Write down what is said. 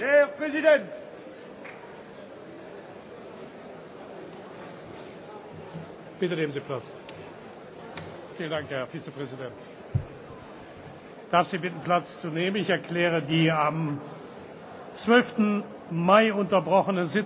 Herr Präsident! Bitte nehmen Sie Platz. Vielen Dank, Herr Vizepräsident. Ich darf Sie bitten, Platz zu nehmen. Ich erkläre die am 12. Mai unterbrochene Sitzung.